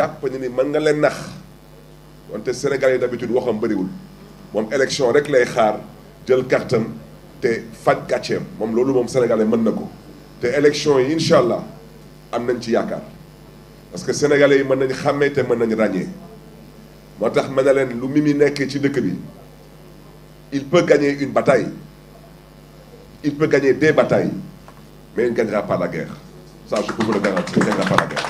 jàpp ne ni mën nga leen nax wante Sénégal yi d'habitude waxam bëriwul moom élection rek lay xaar jël kartam te faj gàcceem moom loolu moom sénégalais mën na ko te élection yi incha allah am nañ ci yaakaar parce que sénégalais yi mën nañ xàmmee te mën nañ ràññee moo tax ma ne leen lu Mimi nekkee ci dëkk bi il peut gagner une bataille il peut gagner des batailles mais il ne gagnera pas la guerre ça je peux vous le garantir il ne gagnera pas la guerre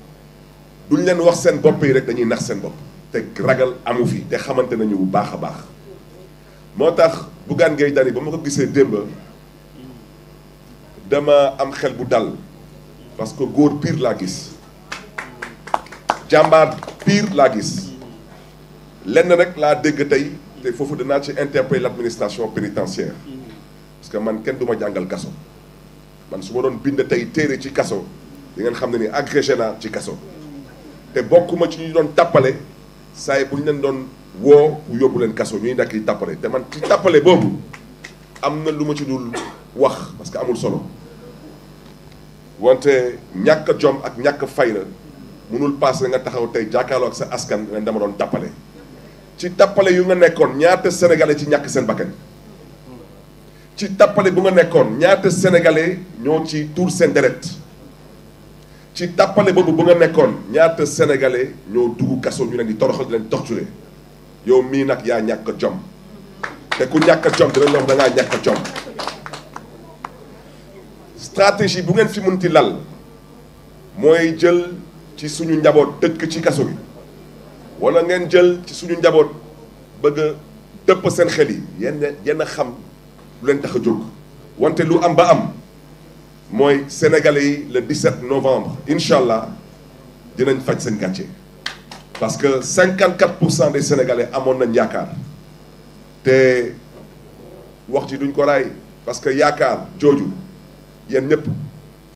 duñ leen wax seen bopp yi rek dañuy nax seen bopp te ragal amu fi te xamante nañu bu baax a baax moo tax Bougane Gueye Dany ba ma ko gisee démb dama am xel bu dal parce que góor pire laa gis jàmbaar pire laa gis lenn rek laa dégg tey te foofu danaa ci interpeller l'administration pénitentiaire parce que man kenn du ma jàngal kaso man su ma doon bind tey téere ci kaso di ngeen xam ne ni agrégé naa ci kaso te bokkuma ci ñu doon tàppale saa yi bu ñu leen doon woo bu yóbbu leen kaso ñuy nekk di tàppale te man ci tàppale boobu am na lu ma ci dul wax parce que amul solo wante ñàkk a ak ñàkk fayra mënul paase nga taxaw tey jàkkaarloo ak sa askan leen dama doon tàppale ci tàppale yu nga nekkoon ñaata sénégalais ci ñàkk seen bakkan ci tàppale bu nga nekkoon ñaata sénégalais ñoo ci tuur seen deret ci tàppale boobu bu nga nekkoon ñaata sénégalais ñoo dugg kaso ñu leen di toroxal di leen torturer yow mii nag yaa ñàkk jom te ku ñàkk jom dinañ la wax da ñàkk jom stratégie bu ngeen fi munti lal mooy jël ci suñu njaboot tëj ci kaso bi wala ngeen jël ci suñu njaboot bëgg a dëpp seen xel yi yenn yenn xam lu leen tax a jóg wante lu am ba am Moi, sénégalais le 17 novembre Inshallah, allah dinañ faj seen parce que 54 des sénégalais ont un Yakar. Et, wax ci duñ ko raay parce que